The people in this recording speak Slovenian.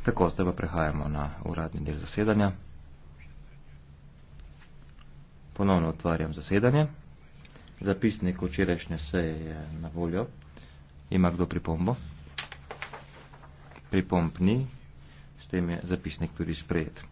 Tako, zdaj pa prehajamo na uradni del zasedanja. Ponovno otvarjam zasedanje. Zapisnik včerajšnje seje je na voljo. Ima kdo pripombo? Pripomb ni, s tem je zapisnik tudi sprejet.